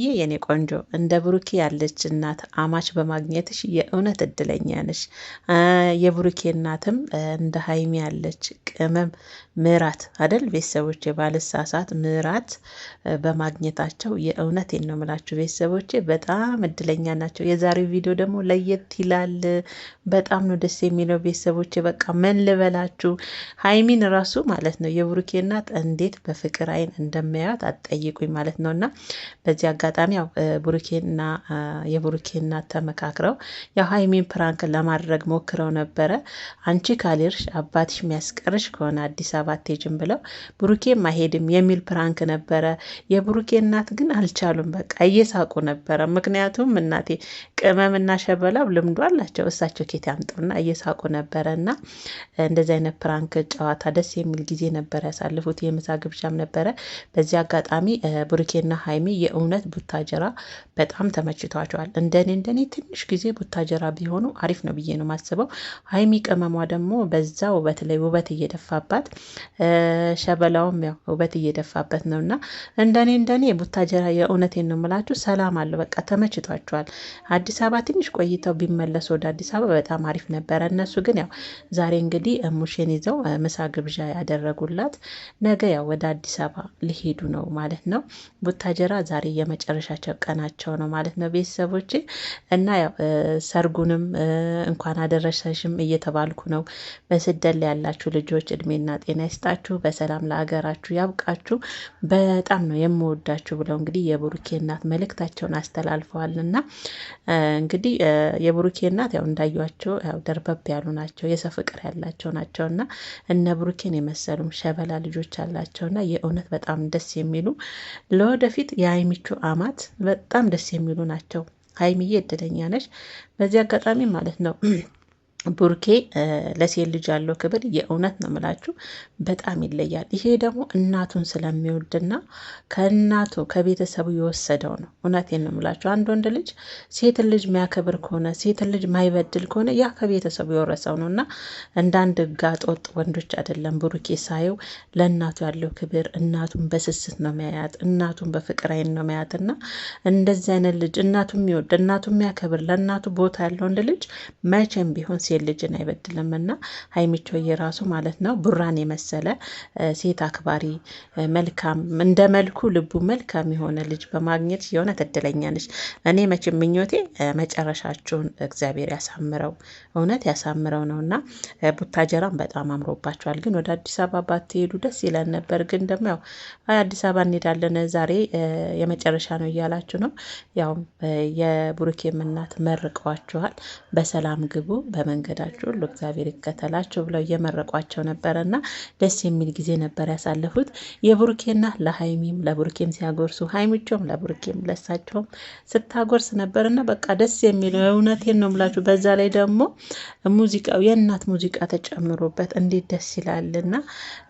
ይህ የኔ ቆንጆ እንደ ብሩኬ ያለች እናት አማች በማግኘትሽ የእውነት እድለኛ ነሽ። የብሩኬ እናትም እንደ ሀይሚ ያለች ቅመም ምራት አደል ቤተሰቦቼ፣ ባልሳሳት ምራት በማግኘታቸው የእውነት ነው የምላችሁ ቤተሰቦቼ፣ በጣም እድለኛ ናቸው። የዛሬው ቪዲዮ ደግሞ ለየት ይላል። በጣም ነው ደስ የሚለው ቤተሰቦቼ። በቃ ምን ልበላችሁ፣ ሀይሚን ራሱ ማለት ነው የብሩኬ እናት እንዴት በፍቅር አይን እንደሚያዩት አትጠይቁኝ ማለት ነው እና በዚያ አጋጣሚ ያው ቡሩኬና የቡሩኬ እናት ተመካክረው ያው ሀይሚን ፕራንክ ለማድረግ ሞክረው ነበረ። አንቺ ካልሄድሽ አባትሽ የሚያስቀርሽ ከሆነ አዲስ አበባ አትሄጂም ብለው ቡሩኬም አይሄድም የሚል ፕራንክ ነበረ። የቡሩኬ እናት ግን አልቻሉም። በቃ እየሳቁ ነበረ። ምክንያቱም እናቴ ቅመምና ሸበላው ልምዱ አላቸው። እሳቸው ኬት ያምጡና እየሳቁ ነበረ እና እንደዚህ አይነት ፕራንክ ጨዋታ ደስ የሚል ጊዜ ነበረ ያሳልፉት። የምሳ ግብዣም ነበረ። በዚህ አጋጣሚ ቡሩኬና ሀይሚ የእውነት ቡታጀራ በጣም ተመችቷቸዋል። እንደኔ እንደኔ ትንሽ ጊዜ ቡታጀራ ቢሆኑ አሪፍ ነው ብዬ ነው ማስበው። ሀይሚ ቅመሟ ደግሞ በዛ ውበት ላይ ውበት እየደፋባት፣ ሸበላውም ያው ውበት እየደፋበት ነው እና እንደኔ እንደኔ ቡታጀራ የእውነቴን ነው የምላችሁ ሰላም አለው። በቃ ተመችቷቸዋል። አዲስ አበባ ትንሽ ቆይተው ቢመለሱ ወደ አዲስ አበባ በጣም አሪፍ ነበረ። እነሱ ግን ያው ዛሬ እንግዲህ እሙሽን ይዘው ምሳ ግብዣ ያደረጉላት ነገ ያው ወደ አዲስ አበባ ሊሄዱ ነው ማለት ነው። ቡታጀራ ዛሬ የመ የመጨረሻቸው ቀናቸው ነው ማለት ነው ቤተሰቦች እና ያው ሰርጉንም እንኳን አደረሰሽም እየተባልኩ ነው። በስደት ላይ ያላችሁ ልጆች እድሜና ጤና ይስጣችሁ፣ በሰላም ለሀገራችሁ ያብቃችሁ። በጣም ነው የምወዳችሁ ብለው እንግዲህ የብሩኬ እናት መልእክታቸውን አስተላልፈዋል። እና እንግዲህ የብሩኬ እናት ያው እንዳያቸው ያው ደርበብ ያሉ ናቸው፣ የሰው ፍቅር ያላቸው ናቸው እና እነ ብሩኬን የመሰሉም ሸበላ ልጆች አላቸው። እና የእውነት በጣም ደስ የሚሉ ለወደፊት የአይሚቹ ተቋማት በጣም ደስ የሚሉ ናቸው። ሀይሚዬ እድለኛ ነሽ። በዚህ አጋጣሚ ማለት ነው ቡርኬ ለሴት ልጅ ያለው ክብር የእውነት ነው ምላችሁ በጣም ይለያል። ይሄ ደግሞ እናቱን ስለሚወድና ከእናቱ ከቤተሰቡ የወሰደው ነው። እውነቴን ነው ምላችሁ አንድ ወንድ ልጅ ሴት ልጅ ሚያከብር ከሆነ ሴት ልጅ ማይበድል ከሆነ ያ ከቤተሰቡ የወረሰው ነው እና እንዳንድ ጋጦጥ ወንዶች አይደለም። ቡርኬ ሳየው ለእናቱ ያለው ክብር እናቱን በስስት ነው ሚያያት፣ እናቱን በፍቅር አይን ነው ሚያያት እና እንደዚህ አይነት ልጅ እናቱ የሚወድ እናቱ የሚያከብር ለእናቱ ቦታ ያለው ወንድ ልጅ መቼም ቢሆን ሴት ልጅን አይበድልም እና ሀይሚቾ የራሱ ማለት ነው ቡራን የመሰለ ሴት አክባሪ መልካም፣ እንደ መልኩ ልቡ መልካም የሆነ ልጅ በማግኘት የሆነ ትድለኛ ነች። እኔ መቼም ምኞቴ መጨረሻችሁን እግዚአብሔር ያሳምረው፣ እውነት ያሳምረው ነው እና ቡታጀራም በጣም አምሮባቸዋል። ግን ወደ አዲስ አበባ ባትሄዱ ደስ ይለን ነበር። ግን ደግሞ ያው አዲስ አበባ እንሄዳለን ዛሬ የመጨረሻ ነው እያላችሁ ነው። ያው የቡሩኬ እናት መርቀዋችኋል። በሰላም ግቡ በመንገድ መንገዳችሁ ሁሉ እግዚአብሔር ይከተላችሁ ብለው እየመረቋቸው ነበረ እና ደስ የሚል ጊዜ ነበር ያሳለፉት የቡርኬና ለሀይሚም ለቡርኬም ሲያጎርሱ ሀይሚቸውም ለቡርኬም ለሳቸውም ስታጎርስ ነበር እና በቃ ደስ የሚል እውነቴን ነው ምላችሁ። በዛ ላይ ደግሞ ሙዚቃው የእናት ሙዚቃ ተጨምሮበት እንዴት ደስ ይላል እና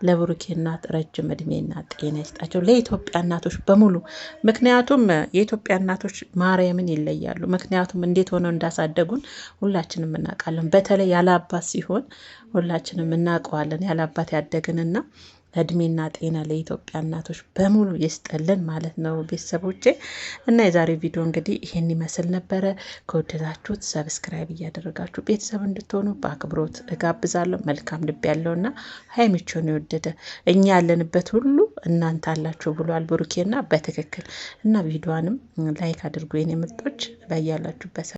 ለቡርኬና ረጅም እድሜና ጤና ይስጣቸው ለኢትዮጵያ እናቶች በሙሉ ምክንያቱም የኢትዮጵያ እናቶች ማርያምን ይለያሉ። ምክንያቱም እንዴት ሆነው እንዳሳደጉን ሁላችንም እናውቃለን። በተለይ ያለ አባት ሲሆን ሁላችንም እናውቀዋለን። ያለ አባት ያደግንና እድሜና ጤና ለኢትዮጵያ እናቶች በሙሉ ይስጠልን ማለት ነው ቤተሰቦቼ። እና የዛሬው ቪዲዮ እንግዲህ ይህን ይመስል ነበረ። ከወደዳችሁት ሰብስክራይብ እያደረጋችሁ ቤተሰብ እንድትሆኑ በአክብሮት እጋብዛለሁ። መልካም ልብ ያለውና ሀይሚቾን የወደደ እኛ ያለንበት ሁሉ እናንተ አላችሁ ብሏል ብሩኬና በትክክል እና ቪዲዮንም ላይክ አድርጉ የኔ ምርጦች በያላችሁበት